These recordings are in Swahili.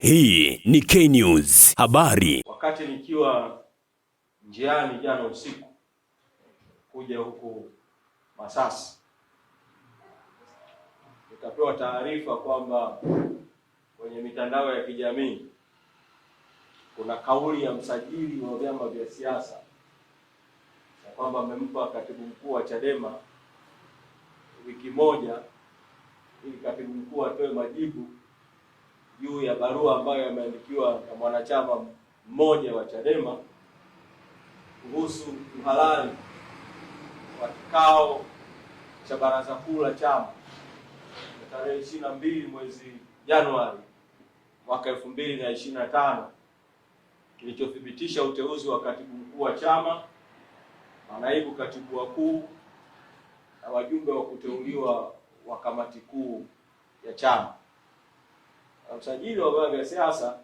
Hii ni K-News habari. Wakati nikiwa njiani jana usiku kuja huku Masasi, nikapewa taarifa kwamba kwenye mitandao ya kijamii kuna kauli ya msajili wa vyama vya siasa na kwamba amempa katibu mkuu wa Chadema wiki moja ili katibu mkuu atoe majibu juu ya barua ambayo yameandikiwa na mwanachama mmoja wa Chadema kuhusu uhalali wa kikao cha baraza kuu la chama cha tarehe ishirini na mbili mwezi Januari mwaka elfu mbili na ishirini na tano kilichothibitisha uteuzi wa katibu mkuu wa chama, manaibu katibu wakuu na wajumbe wa kuteuliwa wa kamati kuu ya chama na msajili wa vyama vya siasa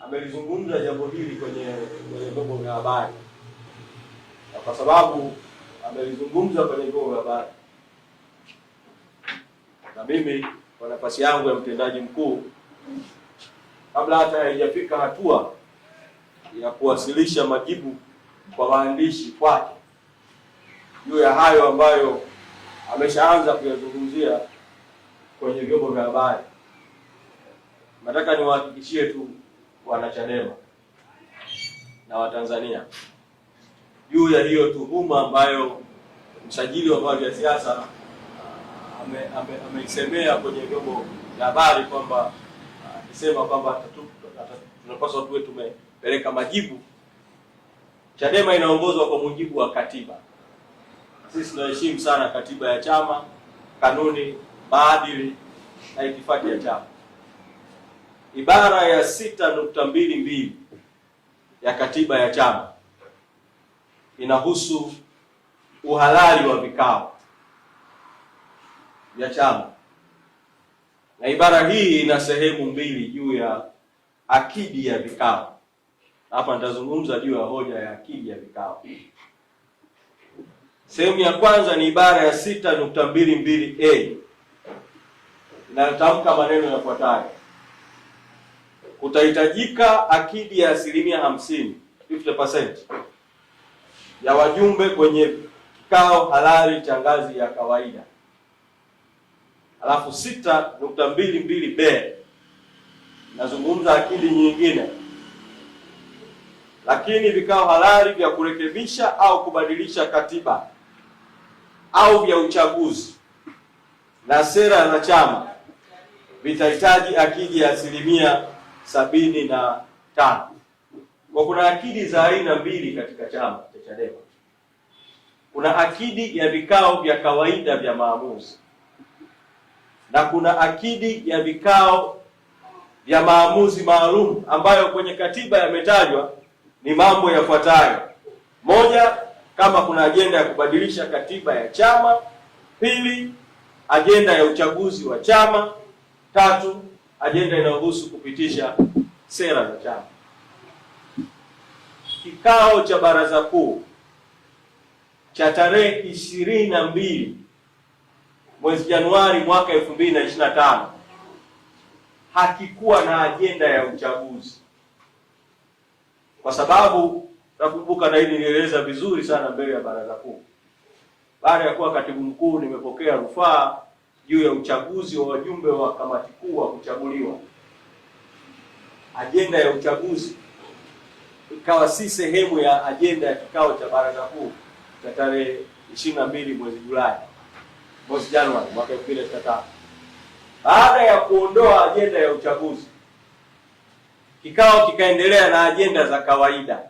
amelizungumza jambo hili kwenye kwenye vyombo vya habari, na kwa sababu amelizungumza kwenye vyombo vya habari, na mimi kwa nafasi yangu ya mtendaji mkuu, kabla hata haijafika hatua ya kuwasilisha majibu kwa maandishi kwake juu ya hayo ambayo ameshaanza kuyazungumzia kwenye vyombo vya habari Nataka niwahakikishie tu wanachadema na Watanzania juu ya hiyo tuhuma ambayo msajili wa vyama vya siasa ameisemea uh, ame, ame kwenye vyombo vya habari kwamba uh, akisema kwamba tunapaswa tuwe tumepeleka majibu. Chadema inaongozwa kwa mujibu wa katiba. Sisi tunaheshimu sana katiba ya chama, kanuni, maadili na itifaki ya chama ibara ya sita nukta mbili mbili ya katiba ya chama inahusu uhalali wa vikao vya chama, na ibara hii ina sehemu mbili juu ya akidi ya vikao. Hapa nitazungumza juu ya hoja ya akidi ya vikao. Sehemu ya kwanza ni ibara ya sita nukta mbili mbili a inayotamka maneno yafuatayo: kutahitajika akidi ya asilimia hamsini 50% ya wajumbe kwenye kikao halali cha ngazi ya kawaida. Alafu sita nukta mbili mbili b nazungumza akidi nyingine, lakini vikao halali vya kurekebisha au kubadilisha katiba au vya uchaguzi na sera za chama vitahitaji akidi ya asilimia sabini na tano. Kwa kuna akidi za aina mbili katika chama cha Chadema. Kuna akidi ya vikao vya kawaida vya maamuzi na kuna akidi ya vikao vya maamuzi maalum ambayo kwenye katiba yametajwa ni mambo yafuatayo: moja, kama kuna ajenda ya kubadilisha katiba ya chama; pili, ajenda ya uchaguzi wa chama; tatu, ajenda inayohusu kupitisha sera za chama. Kikao cha baraza kuu cha tarehe ishirini na mbili mwezi Januari mwaka elfu mbili na ishirini na tano hakikuwa na ajenda ya uchaguzi, kwa sababu nakumbuka na hili nilieleza vizuri sana mbele ya baraza kuu. Baada ya kuwa katibu mkuu, nimepokea rufaa juu ya uchaguzi wa wajumbe wa kamati kuu wa kuchaguliwa. Ajenda ya uchaguzi ikawa si sehemu ya ajenda ya kikao cha baraza kuu cha tarehe 22 mwezi Julai mwezi Januari mwaka 2025. Baada ya kuondoa ajenda ya uchaguzi, kikao kikaendelea na ajenda za kawaida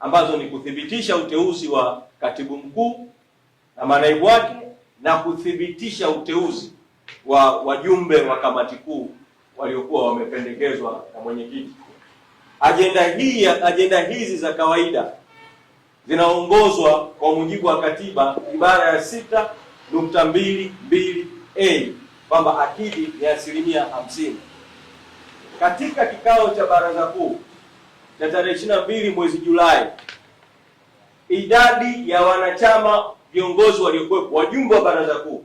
ambazo ni kuthibitisha uteuzi wa katibu mkuu na manaibu wake na kuthibitisha uteuzi wa wajumbe wa kamati kuu waliokuwa wamependekezwa na mwenyekiti. Ajenda hii, ajenda hizi za kawaida zinaongozwa kwa mujibu wa katiba ibara ya sita nukta mbili mbili a kwamba akidi ni asilimia hamsini. Katika kikao cha baraza kuu cha tarehe 22 mwezi Julai idadi ya wanachama viongozi waliokuwepo, wajumbe wa baraza kuu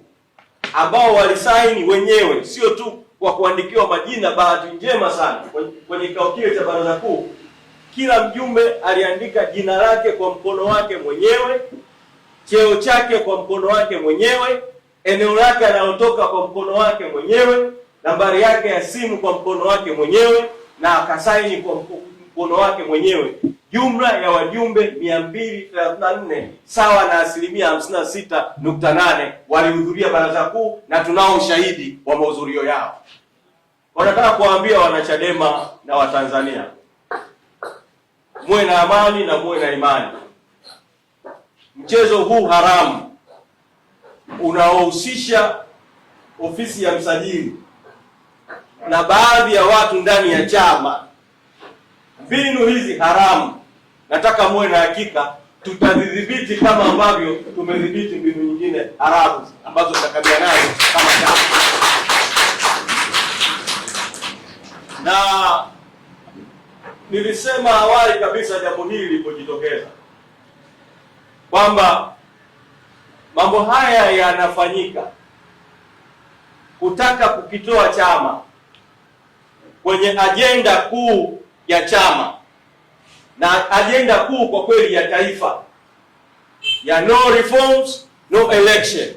ambao walisaini wenyewe, sio tu kwa kuandikiwa majina. Bahati njema sana kwenye kikao kile cha baraza kuu, kila mjumbe aliandika jina lake kwa mkono wake mwenyewe, cheo chake kwa mkono wake mwenyewe, eneo lake analotoka kwa mkono wake mwenyewe, nambari yake ya simu kwa mkono wake mwenyewe, na akasaini kwa mkono wake mwenyewe jumla ya wajumbe 234 sawa na asilimia 56.8 walihudhuria baraza kuu, na tunao ushahidi wa mahudhurio yao. Wanataka kuwaambia wanachadema na Watanzania, muwe na amani na muwe na imani. Mchezo huu haramu unaohusisha ofisi ya msajili na baadhi ya watu ndani ya chama mbinu hizi haramu, nataka muwe na hakika tutazidhibiti kama ambavyo tumedhibiti mbinu nyingine haramu ambazo tutakabiliana nayo kama chama. Na nilisema awali kabisa jambo hili lilipojitokeza kwamba mambo haya yanafanyika kutaka kukitoa chama kwenye ajenda kuu ya chama na ajenda kuu kwa kweli ya taifa ya no reforms no election,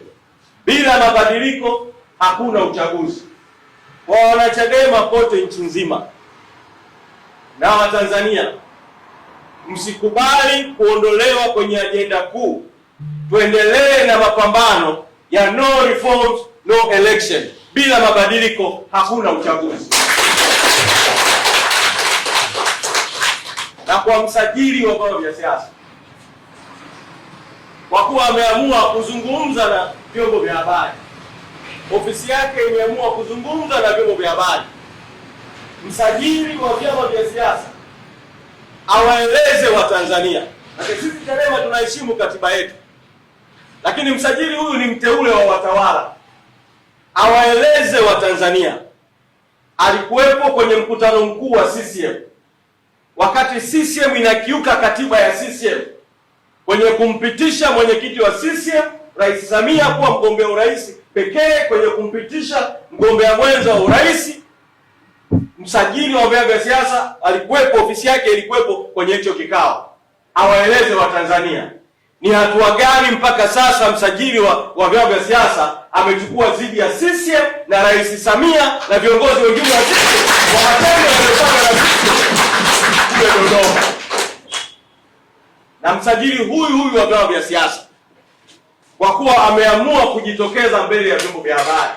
bila mabadiliko hakuna uchaguzi, kwa wanachadema pote nchi nzima na Watanzania, msikubali kuondolewa kwenye ajenda kuu. Tuendelee na mapambano ya no reforms no election, bila mabadiliko hakuna uchaguzi. na kwa msajili wa vyama vya siasa kwa kuwa ameamua kuzungumza na vyombo vya habari. Ofisi yake imeamua kuzungumza na vyombo vya habari. Msajili wa vyama vya siasa awaeleze Watanzania, lakini sisi CHADEMA tunaheshimu katiba yetu, lakini msajili huyu ni mteule wa watawala, awaeleze Watanzania alikuwepo kwenye mkutano mkuu wa CCM wakati CCM inakiuka katiba ya CCM kwenye kumpitisha mwenyekiti wa CCM Rais Samia kuwa mgombea urais pekee, kwenye kumpitisha mgombea mwenza wa urais. Msajili wa vyama vya siasa alikuwepo, ofisi yake ilikuwepo kwenye hicho kikao, awaeleze Watanzania ni hatua gani mpaka sasa msajili wa, wa vyama vya siasa amechukua dhidi ya CCM na Rais Samia na viongozi wengine wa CCM wa matendo kule Dodoma na msajili huyu huyu wa vyama vya siasa, kwa kuwa ameamua kujitokeza mbele ya vyombo vya habari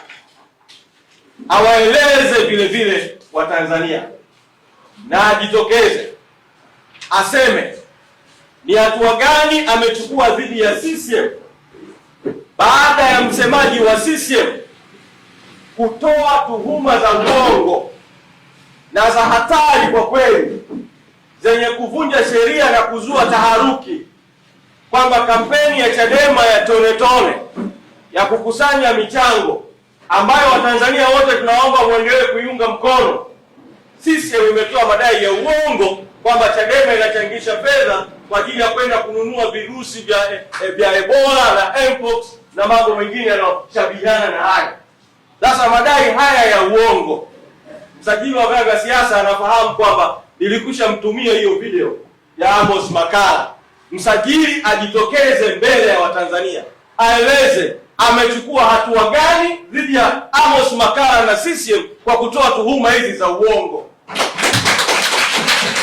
awaeleze vile vile Watanzania na ajitokeze aseme ni hatua gani amechukua dhidi ya CCM baada ya msemaji wa CCM kutoa tuhuma za uongo na za hatari kwa kweli zenye kuvunja sheria na kuzua taharuki kwamba kampeni ya Chadema ya tone tone ya kukusanya michango ambayo Watanzania wote tunaomba mwendelee kuiunga mkono. Sisi imetoa madai ya uongo kwamba Chadema inachangisha fedha kwa ajili ya kwenda kununua virusi vya eh, vya Ebola na Mpox na mambo mengine yanayoshabihiana na haya. Sasa madai haya ya uongo, msajili wa vyama vya siasa anafahamu kwamba nilikusha mtumia hiyo video ya Amos Makala, msajili ajitokeze mbele ya Watanzania aeleze amechukua hatua gani dhidi ya Amos Makala na CCM kwa kutoa tuhuma hizi za uongo.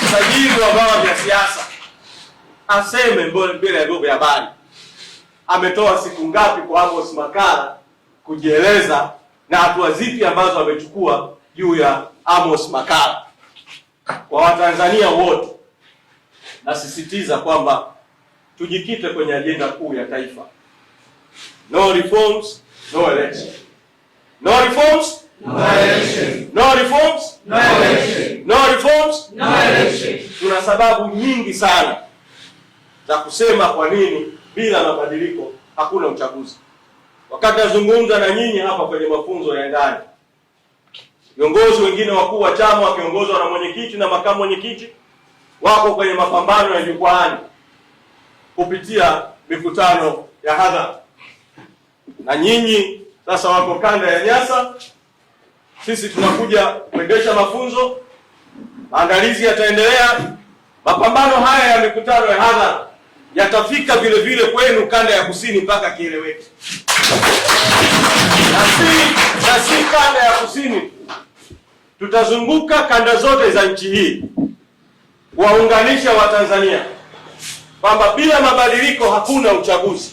Msajili wa vyama vya siasa aseme mbele ya vyombo vya habari ametoa siku ngapi kwa Amos Makala kujieleza na hatua zipi ambazo amechukua juu ya Amos Makala kwa Watanzania wote, nasisitiza kwamba tujikite kwenye ajenda kuu ya taifa: no reforms, no election. No reforms, no election. No reforms, no election. No reforms, no election. Tuna sababu nyingi sana za kusema kwa nini bila mabadiliko hakuna uchaguzi. Wakati nazungumza na nyinyi hapa kwenye mafunzo ya ndani Viongozi wengine wakuu wa chama wakiongozwa na mwenyekiti na makamu mwenyekiti wako kwenye mapambano ya jukwaani kupitia mikutano ya hadhara, na nyinyi sasa wako kanda ya Nyasa, sisi tunakuja kuendesha mafunzo. Maandalizi yataendelea, mapambano haya ya mikutano ya hadhara yatafika vile vile kwenu kanda ya kusini mpaka kieleweke na si kanda ya kusini Tutazunguka kanda zote za nchi hii kuwaunganisha Watanzania kwamba bila mabadiliko hakuna uchaguzi.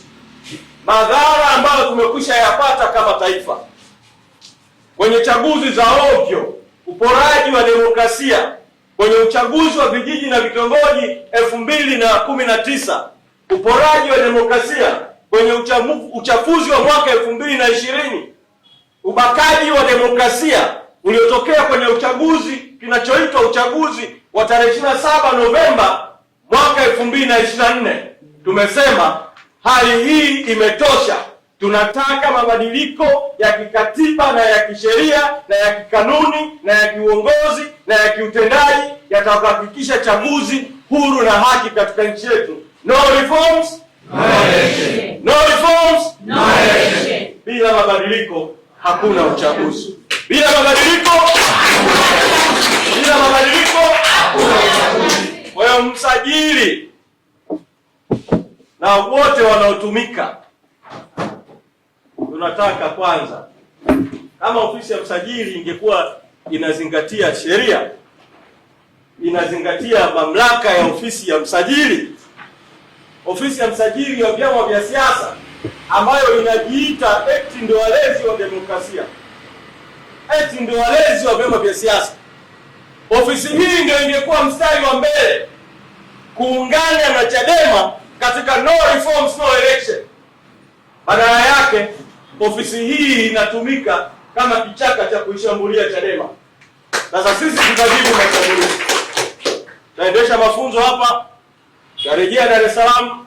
Madhara ambayo tumekwisha yapata kama taifa kwenye chaguzi za ovyo, uporaji wa demokrasia kwenye uchaguzi wa vijiji na vitongoji elfu mbili na kumi na tisa uporaji wa demokrasia kwenye uchafuzi wa mwaka elfu mbili na ishirini ubakaji wa demokrasia uliotokea kwenye uchaguzi kinachoitwa uchaguzi wa tarehe 27 Novemba mwaka 2024. Tumesema hali hii imetosha, tunataka mabadiliko ya kikatiba na ya kisheria na ya kikanuni na ya kiuongozi na ya kiutendaji yatakuhakikisha chaguzi huru na haki katika nchi yetu. No reforms, no election. No reforms, no election. Bila mabadiliko hakuna uchaguzi. Bila mabadiliko, bila mabadiliko hakuna uchaguzi. Kwa hiyo msajili na wote wanaotumika, tunataka kwanza, kama ofisi ya msajili ingekuwa inazingatia sheria, inazingatia mamlaka ya ofisi ya msajili, ofisi ya msajili wa vyama vya siasa ambayo inajiita eti ndio walezi wa demokrasia, eti ndio walezi wa vyama vya siasa. Ofisi hii ndio ingekuwa mstari wa mbele kuungana na Chadema katika no reforms, no election. Badala yake ofisi hii inatumika kama kichaka cha kuishambulia Chadema. Sasa sisi tutajibu mashambulizi, taendesha mafunzo hapa, tarejea Dar es Salaam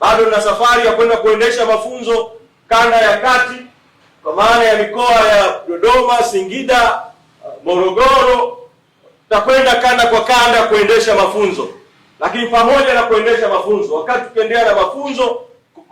bado na safari ya kwenda kuendesha mafunzo kanda ya kati kwa maana ya mikoa ya Dodoma, Singida, Morogoro. Tutakwenda kanda kwa kanda kuendesha mafunzo, lakini pamoja na kuendesha mafunzo, wakati tukiendelea na mafunzo,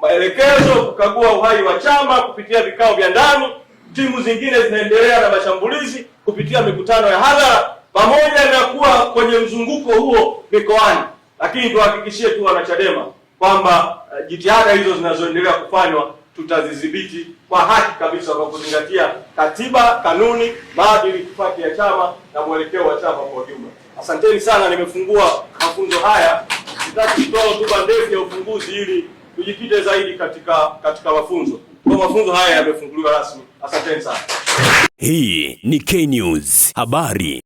maelekezo, kukagua uhai wa chama kupitia vikao vya ndani, timu zingine zinaendelea na mashambulizi kupitia mikutano ya hadhara, pamoja na kuwa kwenye mzunguko huo mikoani, lakini tuhakikishie tu wanachadema kwamba uh, jitihada hizo zinazoendelea kufanywa tutazidhibiti kwa haki kabisa kwa kuzingatia katiba, kanuni, maadili, itifaki ya chama na mwelekeo wa chama kwa ujumla. Asanteni sana, nimefungua mafunzo haya. Sitaki kutoa hotuba ndefu ya ufunguzi ili tujikite zaidi katika katika mafunzo. Kwa mafunzo haya yamefunguliwa rasmi. Asanteni sana. Hii ni K News habari.